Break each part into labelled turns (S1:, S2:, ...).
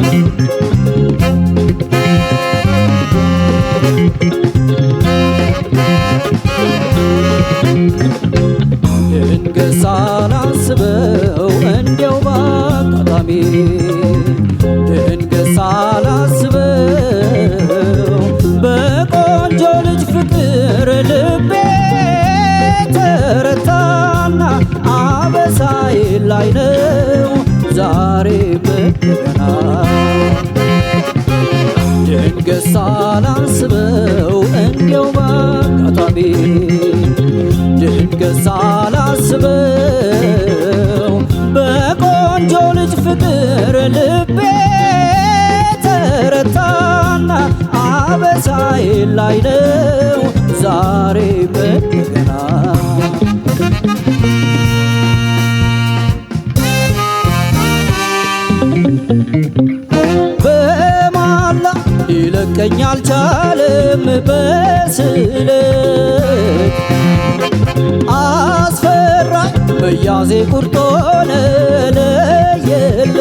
S1: thank ላይ ነው ዛሬ በገና በማላ ሊለቀኝ አልቻለም በስለት አስፈራኝ መያዜ ቁርጦነ ለየለ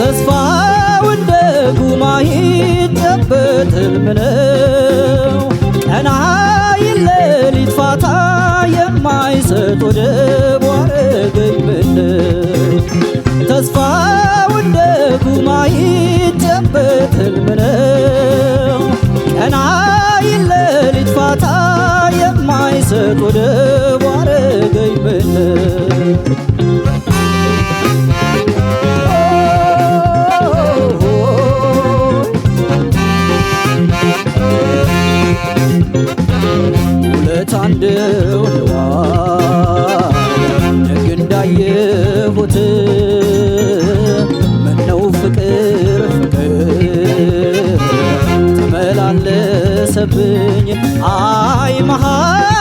S1: ተስፋውን በጉማሂ ህልም ነው ቀናይን ሌሊት ፋታ የማይሰጥ ወደብ አረገኝ ምነው ተስፋው እንደ ጉም አይጨበት ህልም ነው ቀናይን ሌሊት ፋታ የማይሰጥ ወደብ አረገኝ ምነው አንድው ሕያው ደግ እንዳየሁት ምነው ፍቅር ፍቅር ተመላለሰብኝ አይ መሃል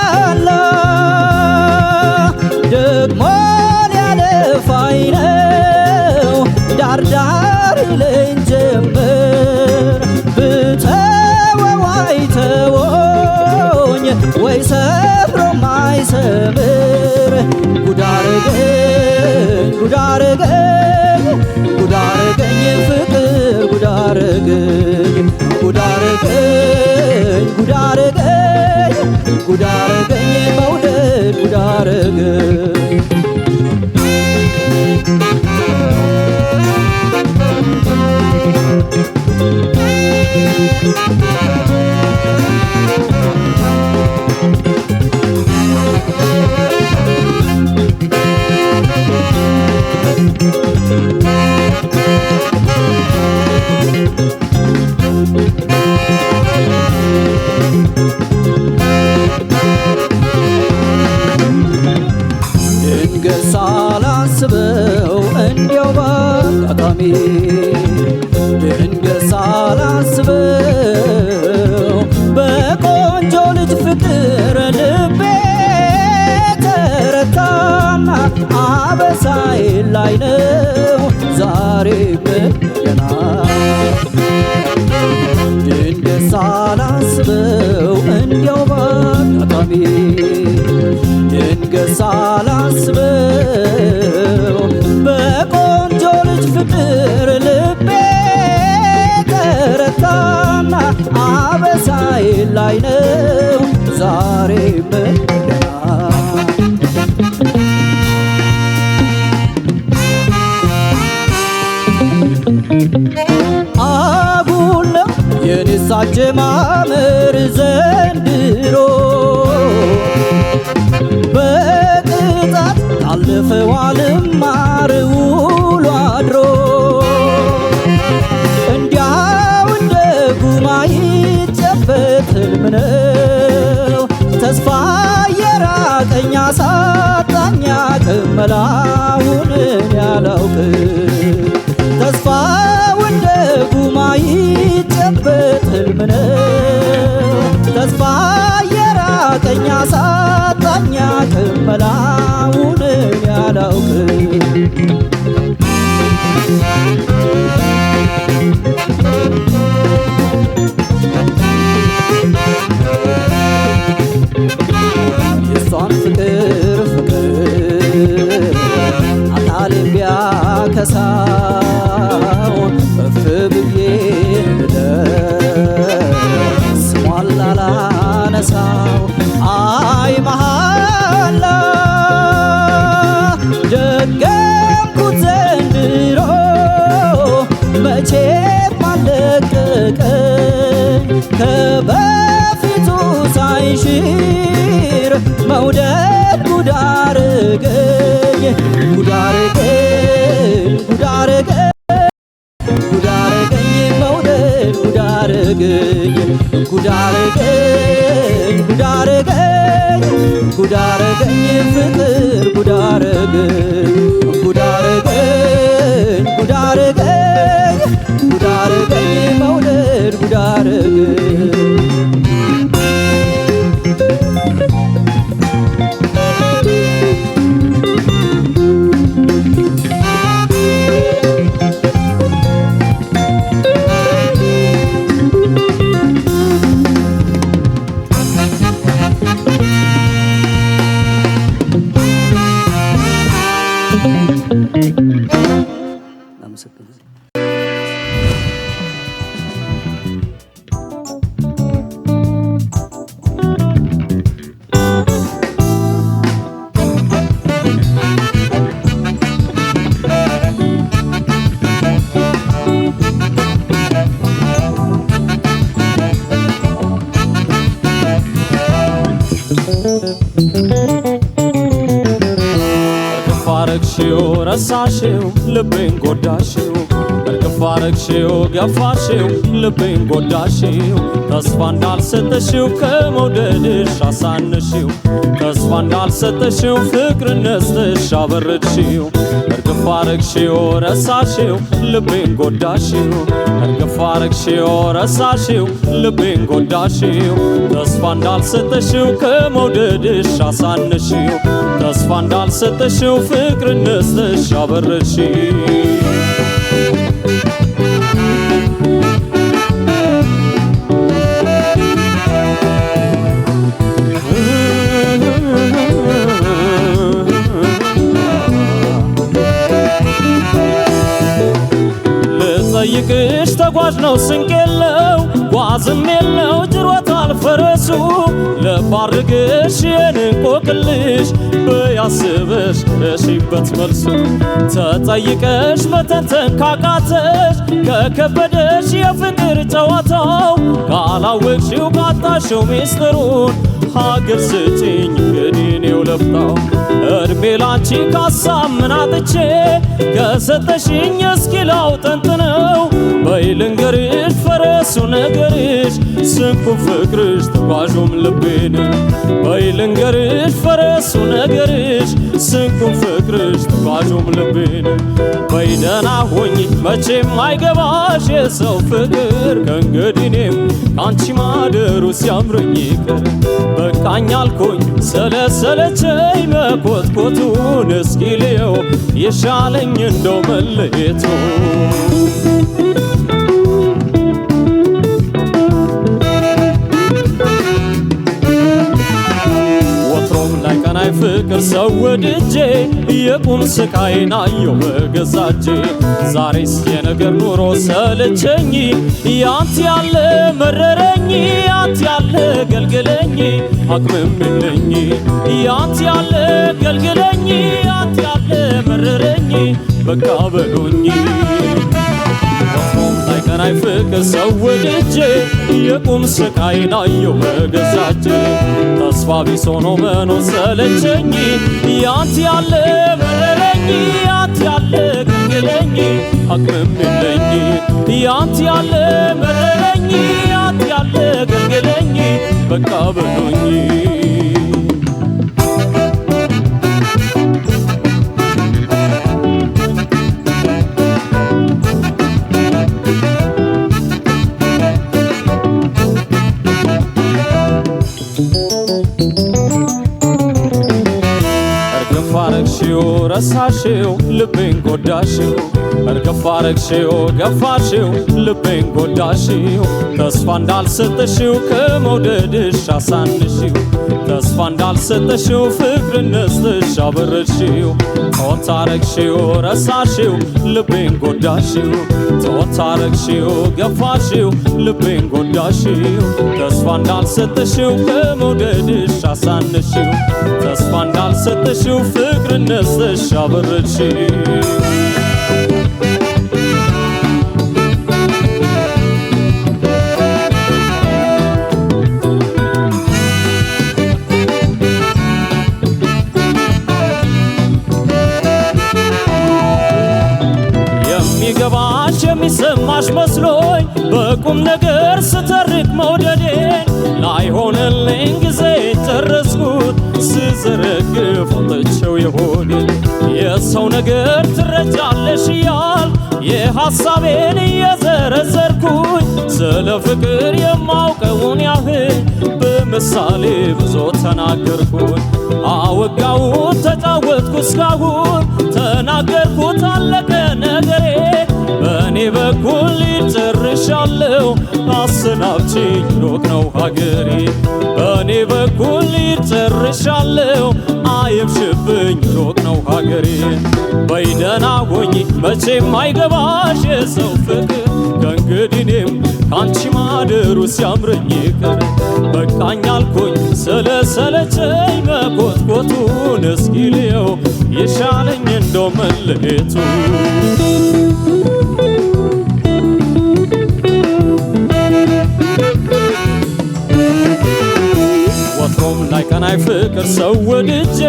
S1: አረገኝ ጉድ አረገኝ ጉድ አረገኝ ፍቅር ጉድ አረገኝ ጉድ አረገኝ ጉድ አረገኝ ጉድ አረገኝ መውደድ ጉድ አረገኝ আমি መላውን ያላውቅ የሷን ፍቅር ፍቅር አታሌ ቢያከሳ በፊቱ ሳይሽር መውደድ ጉድ አረገኝ ጉድ አረገኝ መውደድ ጉድ አረገኝ ጉድ አረገኝ ፍቅር
S2: Thank ረሳሽው ረሳሽው ልቤን ጎዳሽው እርግፍ አረግሽው ገፋሽው ልቤን ጎዳሽው ተስፋ እንዳልሰጠሽው ከመውደድሽ አሳነሽው ተስፋ እንዳልሰጠሽው ፍቅር ነስተሽ አበረድሽው እርግፍ አረግሽው ረሳሽው ልቤን ጎዳሽው እርግፍ አረግሽው ረሳሽው ልቤን ጎዳሽው ተስፋ እንዳልሰጠሽው ከመውደድሽ አሳነሽው ተስፋ እንዳልሰጠሽው ፍቅር ነስተሽ አበረሽ ልጠይቅሽ ተጓዥ ነው ስንቅ የለው ጓዝም የለው ጅሮታል ፈረሱ ለባርግሽ የንቆቅልሽ ብያስብሽ እሺበት መልሱ ተጠይቀሽ መተንተን ካቃተሽ ከከበደሽ የፍቅር ጨዋታው ካላወቅሽው ካጣሽው ሚስጥሩን ሀገር ስጭኝ እኔኔው ለፍታው እድሜ ላንቺ ካሳብ ምን አጥቼ ከሰጠሽኝ እስኪ ላውጠንጥነው በይ ፈረሱ ነገርሽ ስንቁ ፍቅርሽ ተጓዡም ልቤን በይልንገርሽ ፈረሱ ነገርሽ ስንቁ ፍቅርሽ ተጓዡም ልቤን በይ ደህና መቼም አይገባሽ የሰው ፍቅር ከእንግዲህ እኔም ከአንቺ ማደሩ ሲያምረኝ ይቅር በቃኝ አልኩኝ ስለሰለቸኝ መቆ ኮትኮቱን እስኪልየው የሻለኝ እንደው መለየቱ ፍቅር ሰው ወድጄ የቁም ስቃይን አየሁ በገዛ ዛሬስ የነገር ኑሮ ሰለቸኝ፣ ያንተ ያለ መረረኝ፣ ያንተ ያለ ገልግለኝ አቅምም የለኝ፣ ያንተ ያለ ገልግለኝ፣ ያንተ ያለ መረረኝ በቃ በሉኝ ሰናይ ፍቅር ሰው ወድጄ የቁም ስቃይ አየሁ መገዛች ተስፋ ቢስ ሆኖ መኖር ሰለቸኝ ያለ መረረኝ ያት ያለ ግግለኝ አቅምም የለኝ ያንተ ያለ መረረኝ ያንተ ያለ ገንገለኝ በቃ በሎኝ ረሳሽው ልቤን ጎዳሽው እርግፍ አረግሽው ገፋሽው ልቤን ጎዳሽው ተስፋ እንዳልሰጠሽው ከመውደድሽ አሳንሽው ተስፋ እንዳልሰጠሽው ፍቅር ንስጥሽ አበረድሽው ተወት አረግሽው ረሳሽው ልቤን ጎዳሽው ተወት አረግሽው ገፋሽው ልቤን ጎዳሽው ተስፋ እንዳልሰጠሽው ከመውደድሽ አሳንሽው ተስፋ እንዳልሰጠሽው ፍቅር ንስጥሽ አበረድሽው ነገር ትረጃለሽ ያል የሐሳቤን እየዘረዘርኩኝ ስለ ፍቅር የማውቀውን ያህል በምሳሌ ብዙ ተናገርኩኝ። አወጋሁት፣ ተጫወትኩ፣ እስካሁን ተናገርኩት፣ አለቀ ነገሬ። በእኔ በኩል ጨርሻለሁ፣ አሰናብችኝ፣ ሩቅ ነው ሀገሬ። በእኔ በኩል ጨርሻለሁ፣ አየብሽብኝ፣ ሩቅ ነው ሀገሬ በይደና ሆኚ መቼም አይገባሽ የሰው ፍቅር ከእንግዲህ እኔም ከአንቺ ማደሩ ሲያምረኝ ይቅር በቃኝ አልኩኝ ሰለቸኝ መኮትኮቱን እስኪልየው የሻለኝ ይሻለኝ እንደው መለየቱ ስቆም ላይ ቀናይ ፍቅር ሰው ወድጄ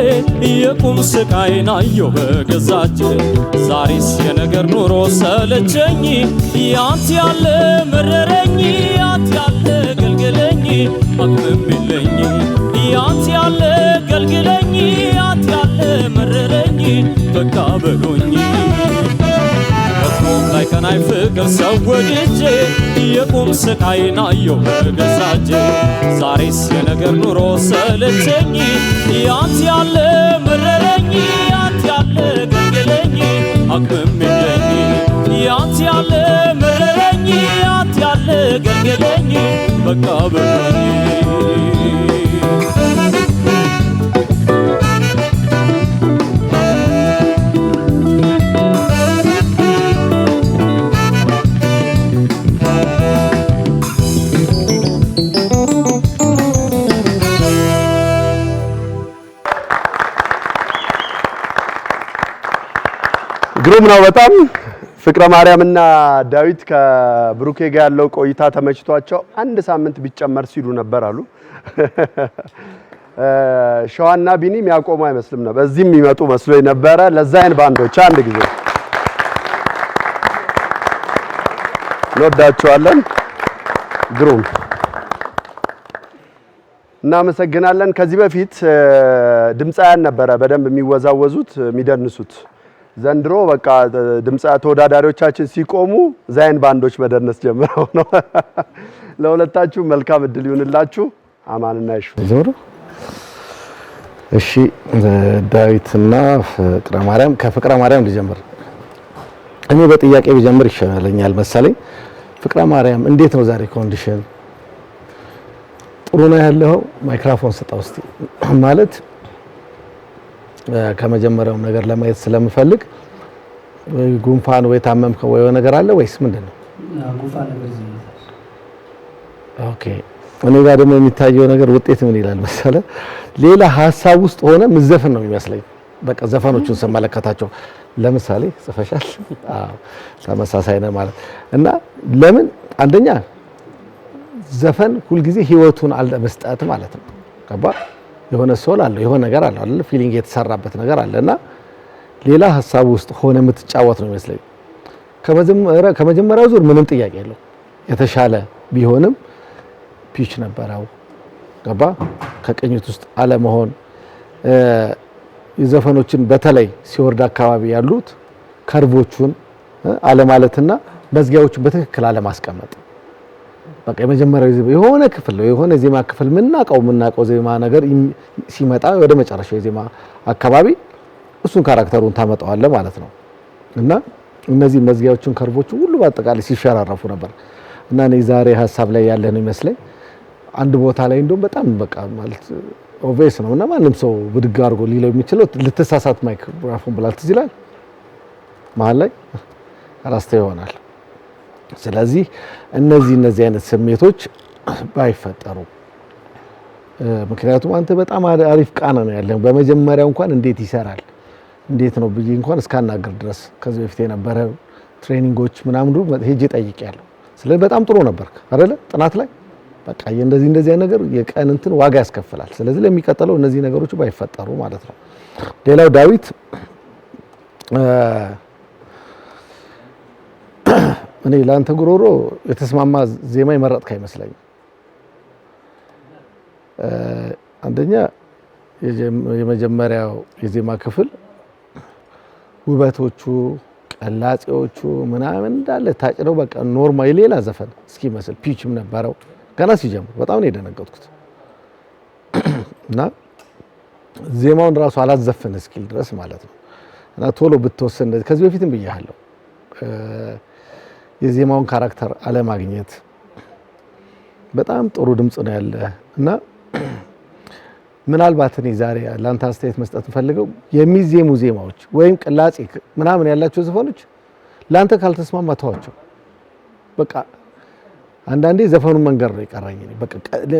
S2: የቁም ዛሬስ የነገር ኑሮ ሰለቸኝ፣ ያንተ ያለ መረረኝ፣ ያለ ገልግለኝ አቅምም የለኝ፣ ያለ ገልግለኝ፣ ያለ መረረኝ በቃ ሰናይ ፍቅር ሰው ወድጄ የቁም ስቃይ አየሁ በገዛ እጄ። ዛሬስ የነገር ኑሮ ሰለቸኝ፣ ያንት ያለ መረረኝ፣ ያንተ ያለ ገደለኝ፣ አቅምም የለኝ። ያንተ ያለ መረረኝ፣ ያንተ ያለ ገደለኝ፣ በቃ በለኝ
S3: ግሩም ነው በጣም ፍቅረ ማርያም እና ዳዊት ከብሩኬ ጋር ያለው ቆይታ ተመችቷቸው አንድ ሳምንት ቢጨመር ሲሉ ነበር አሉ። ሸዋና ቢኒ የሚያቆሙ አይመስልም ነበር። እዚህም የሚመጡ መስሎ ነበረ። ለዛይን ባንዶች አንድ ጊዜ እንወዳቸዋለን። ግሩም እናመሰግናለን። ከዚህ በፊት ድምፃያን ነበረ በደንብ የሚወዛወዙት የሚደንሱት ዘንድሮ በቃ ድምፃ ተወዳዳሪዎቻችን ሲቆሙ ዛይን ባንዶች መደነስ ጀምረው ነው። ለሁለታችሁ መልካም እድል ይሁንላችሁ። አማንና ይሹ ዞሩ። እሺ ዳዊትና ፍቅረ ማርያም፣ ከፍቅረ ማርያም ልጀምር። እኔ በጥያቄ ብጀምር ይሻለኛል መሰለኝ። ፍቅረ ማርያም እንዴት ነው ዛሬ ኮንዲሽን? ጥሩ ነው ያለው። ማይክራፎን ስጣው እስቲ ማለት ከመጀመሪያው ነገር ለማየት ስለምፈልግ ጉንፋን ወይ ታመምከው ወይ ነገር አለ ወይስ ምንድን ነው? ኦኬ እኔ ጋር ደግሞ የሚታየው ነገር ውጤት ምን ይላል መሰለ፣ ሌላ ሀሳብ ውስጥ ሆነ ምዘፍን ነው የሚመስለኝ። በቃ ዘፈኖቹን ስመለከታቸው ለምሳሌ ጽፈሻል። ተመሳሳይ ነው ማለት እና ለምን አንደኛ ዘፈን ሁልጊዜ ህይወቱን አለመስጠት ማለት ነው። ገባ የሆነ ሶል አለው የሆነ ነገር አለው አይደል? ፊሊንግ የተሰራበት ነገር አለና ሌላ ሀሳብ ውስጥ ሆነ የምትጫወት ነው ይመስለኝ። ከመጀመሪያው ዙር ምንም ጥያቄ የለው የተሻለ ቢሆንም ፒች ነበረው ገባ ከቅኝት ውስጥ አለመሆን የዘፈኖችን በተለይ ሲወርድ አካባቢ ያሉት ከርቦቹን አለማለትና መዝጊያዎቹን በትክክል አለማስቀመጥ በቃ የመጀመሪያው ዜማ የሆነ ክፍል ነው የሆነ ዜማ ክፍል የምናውቀው የምናውቀው ዜማ ነገር ሲመጣ ወደ መጨረሻው የዜማ አካባቢ እሱን ካራክተሩን ታመጣዋለ ማለት ነው። እና እነዚህ መዝጊያዎችን ከርቦቹ ሁሉ በአጠቃላይ ሲሸራረፉ ነበር እና እኔ ዛሬ ሀሳብ ላይ ያለ ነው ይመስለኝ አንድ ቦታ ላይ እንደውም በጣም በቃ ማለት ኦቬስ ነው እና ማንም ሰው ብድግ አድርጎ ሊለው የሚችለው ልትሳሳት ማይክሮፎን ብላል ትዝ ይላል መሀል ላይ ራስተ ይሆናል ስለዚህ እነዚህ እነዚህ አይነት ስሜቶች ባይፈጠሩ ምክንያቱም አንተ በጣም አሪፍ ቃና ነው ያለ። በመጀመሪያ እንኳን እንዴት ይሰራል እንዴት ነው ብዬ እንኳን እስካናገር ድረስ ከዚህ በፊት የነበረ ትሬኒንጎች ምናምን ሁሉ ሄጄ ጠይቄያለሁ። ስለዚህ በጣም ጥሩ ነበርክ አይደለ? ጥናት ላይ በቃ እንደዚህ እንደዚህ ነገር የቀን እንትን ዋጋ ያስከፍላል። ስለዚህ ለሚቀጥለው እነዚህ ነገሮች ባይፈጠሩ ማለት ነው። ሌላው ዳዊት እኔ ለአንተ ጉሮሮ የተስማማ ዜማ የመረጥክ አይመስለኝም። አንደኛ የመጀመሪያው የዜማ ክፍል ውበቶቹ፣ ቀላጼዎቹ ምናምን እንዳለ ታጭነው በቃ ኖርማል የሌላ ዘፈን እስኪመስል ፒችም ነበረው ገና ሲጀምር በጣም ነው የደነገጥኩት። እና ዜማውን ራሱ አላዘፍን እስኪል ድረስ ማለት ነው። እና ቶሎ ብትወሰን ከዚህ በፊትም ብያለሁ የዜማውን ካራክተር አለማግኘት። በጣም ጥሩ ድምፅ ነው ያለ እና ምናልባት እኔ ዛሬ ለአንተ አስተያየት መስጠት እንፈልገው የሚዜሙ ዜማዎች ወይም ቅላጼ ምናምን ያላቸው ዘፈኖች ለአንተ ካልተስማማ ተዋቸው። በቃ አንዳንዴ ዘፈኑን መንገድ ነው የቀረኝ።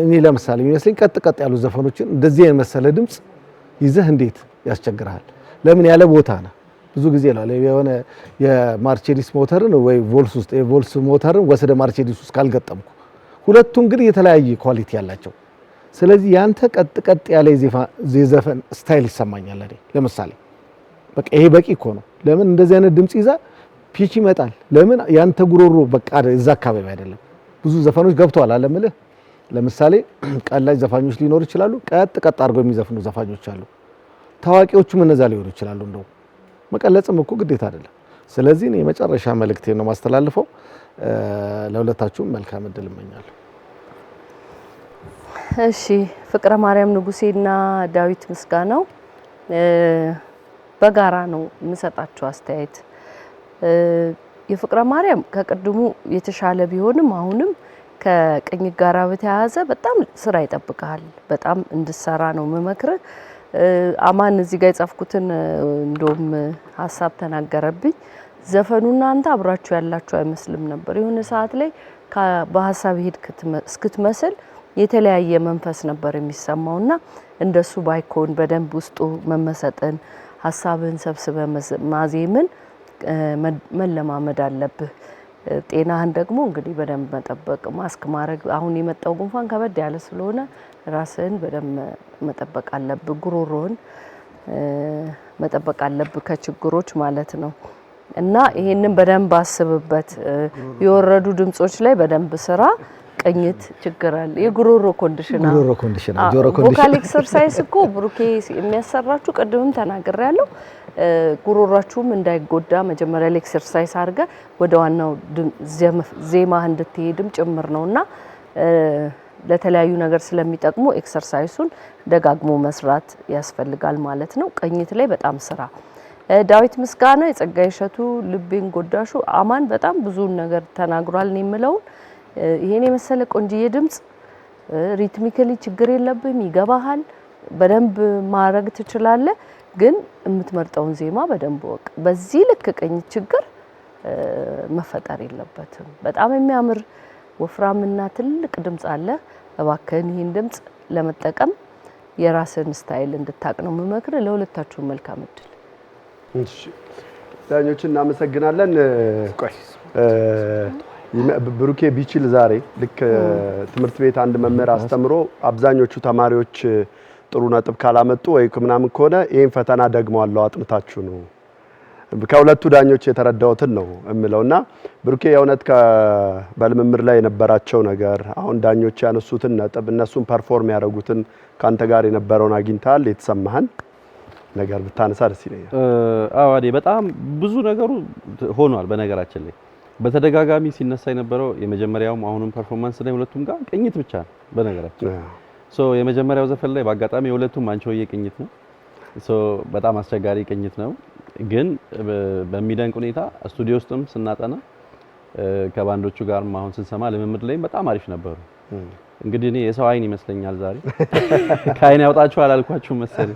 S3: እኔ ለምሳሌ የሚመስለኝ ቀጥ ቀጥ ያሉ ዘፈኖችን እንደዚህ የመሰለ ድምፅ ይዘህ እንዴት ያስቸግርሃል? ለምን ያለ ቦታ ነው ብዙ ጊዜ ላለ የሆነ የማርቼዲስ ሞተርን ወይ ቮልስ ውስጥ የቮልስ ሞተርን ወስደ ማርቼዲስ ውስጥ ካልገጠምኩ ሁለቱም ግን የተለያየ ኳሊቲ ያላቸው ስለዚህ ያንተ ቀጥ ቀጥ ያለ የዘፈን ስታይል ይሰማኛል። እኔ ለምሳሌ በቃ ይሄ በቂ እኮ ነው። ለምን እንደዚህ አይነት ድምፅ ይዛ ፒች ይመጣል። ለምን ያንተ ጉሮሮ በቃ እዛ አካባቢ አይደለም። ብዙ ዘፈኖች ገብተዋል አለምልህ። ለምሳሌ ቀላጅ ዘፋኞች ሊኖሩ ይችላሉ። ቀጥ ቀጥ አድርገው የሚዘፍኑ ዘፋኞች አሉ። ታዋቂዎቹም እነዛ ሊሆኑ ይችላሉ እንደው መቀለጽም እኮ ግዴታ አይደለም። ስለዚህ የመጨረሻ መልእክቴ ነው ማስተላልፈው፣ ለሁለታችሁም መልካም እድል እመኛለሁ።
S4: እሺ ፍቅረ ማርያም ንጉሴና ዳዊት ምስጋናው በጋራ ነው የምሰጣቸው አስተያየት። የፍቅረ ማርያም ከቅድሙ የተሻለ ቢሆንም አሁንም ከቅኝት ጋራ በተያያዘ በጣም ስራ ይጠብቃል። በጣም እንድሰራ ነው የምመክርህ። አማን እዚህ ጋር የጻፍኩትን እንደውም ሀሳብ ተናገረብኝ። ዘፈኑ እናንተ አብራችሁ ያላችሁ አይመስልም ነበር። የሆነ ሰዓት ላይ በሀሳብ ሄድ እስክትመስል የተለያየ መንፈስ ነበር የሚሰማውና እንደሱ ባይኮን በደንብ ውስጡ መመሰጥን ሀሳብን ሰብስበ ማዜምን መለማመድ አለብህ። ጤናህን ደግሞ እንግዲህ በደንብ መጠበቅ ማስክ ማድረግ። አሁን የመጣው ጉንፋን ከበድ ያለ ስለሆነ ራስህን በደንብ መጠበቅ አለብህ። ጉሮሮህን መጠበቅ አለብህ ከችግሮች ማለት ነው። እና ይሄንን በደንብ አስብበት። የወረዱ ድምጾች ላይ በደንብ ስራ። ቅኝት ችግር አለ። የጉሮሮ ኮንዲሽን
S3: አለ። ጉሮሮ ኮንዲሽን አለ።
S4: ጆሮ ኮንዲሽን ቮካል ኤክሰርሳይዝ እኮ ብሩኬ የሚያሰራችሁ ቅድምም ተናግሬያለሁ። ጉሮሯችሁም እንዳይጎዳ መጀመሪያ ላይ ኤክሰርሳይዝ አድርገህ ወደ ዋናው ዜማህ እንድትሄድም ጭምር ነውና ለተለያዩ ነገር ስለሚጠቅሙ ኤክሰርሳይሱን ደጋግሞ መስራት ያስፈልጋል ማለት ነው። ቅኝት ላይ በጣም ስራ ዳዊት ምስጋና፣ የጸጋዬ እሸቱ፣ ልቤን ጎዳሹ፣ አማን በጣም ብዙን ነገር ተናግሯል። ነው የምለውን ይሄን የመሰለ ቆንጅዬ ድምፅ ሪትሚክሊ ችግር የለብም ይገባሃል፣ በደንብ ማድረግ ትችላለህ። ግን የምትመርጠውን ዜማ በደንብ ወቅ። በዚህ ልክ ቅኝት ችግር መፈጠር የለበትም። በጣም የሚያምር ወፍራምና ትልቅ ድምጽ አለ። እባክህን ይህን ድምጽ ለመጠቀም የራስን ስታይል እንድታቅ ነው የምመክር። ለሁለታችሁም መልካም እድል።
S3: ዳኞች እናመሰግናለን። ብሩኬ ቢችል ዛሬ ልክ ትምህርት ቤት አንድ መምህር አስተምሮ አብዛኞቹ ተማሪዎች ጥሩ ነጥብ ካላመጡ ወይ ምናምን ከሆነ ይህን ፈተና ደግሞ አለው አጥምታችሁ ነው ከሁለቱ ዳኞች የተረዳሁትን ነው የምለውና ብሩኬ የእውነት በልምምድ ላይ የነበራቸው ነገር አሁን ዳኞች ያነሱትን ነጥብ እነሱን ፐርፎርም ያደረጉትን ከአንተ ጋር የነበረውን አግኝተሃል የተሰማህን ነገር ብታነሳ
S5: ደስ ይለኛል። አዎ በጣም ብዙ ነገሩ ሆኗል። በነገራችን ላይ በተደጋጋሚ ሲነሳ የነበረው የመጀመሪያውም አሁኑም ፐርፎርማንስ ላይ ሁለቱም ጋር ቅኝት ብቻ ነው። በነገራችን ሶ የመጀመሪያው ዘፈን ላይ በአጋጣሚ የሁለቱም አንቺ ሆዬ ቅኝት ነው። ሶ በጣም አስቸጋሪ ቅኝት ነው። ግን በሚደንቅ ሁኔታ ስቱዲዮ ውስጥም ስናጠና ከባንዶቹ ጋር አሁን ስንሰማ ልምምድ ላይም በጣም አሪፍ ነበሩ። እንግዲህ እኔ የሰው አይን ይመስለኛል ዛሬ ከአይን ያውጣችሁ አላልኳችሁ መሰለኝ።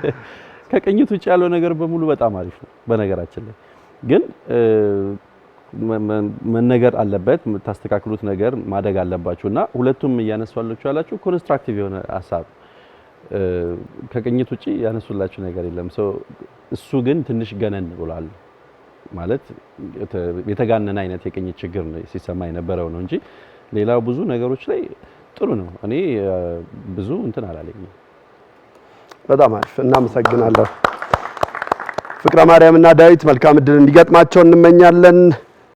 S5: ከቅኝት ውጭ ያለው ነገር በሙሉ በጣም አሪፍ ነው። በነገራችን ላይ ግን መነገር አለበት የምታስተካክሉት ነገር ማደግ አለባችሁ እና ሁለቱም እያነሷለችሁ ያላችሁ ኮንስትራክቲቭ የሆነ ሀሳብ ከቅኝት ውጪ ያነሱላችሁ ነገር የለም። እሱ ግን ትንሽ ገነን ብሏል ማለት የተጋነነ አይነት የቅኝት ችግር ሲሰማ የነበረው ነው እንጂ ሌላው ብዙ ነገሮች ላይ ጥሩ ነው። እኔ ብዙ እንትን አላለኝም።
S3: በጣም አሪፍ እናመሰግናለሁ። ፍቅረ ማርያም እና ዳዊት መልካም እድል እንዲገጥማቸው እንመኛለን።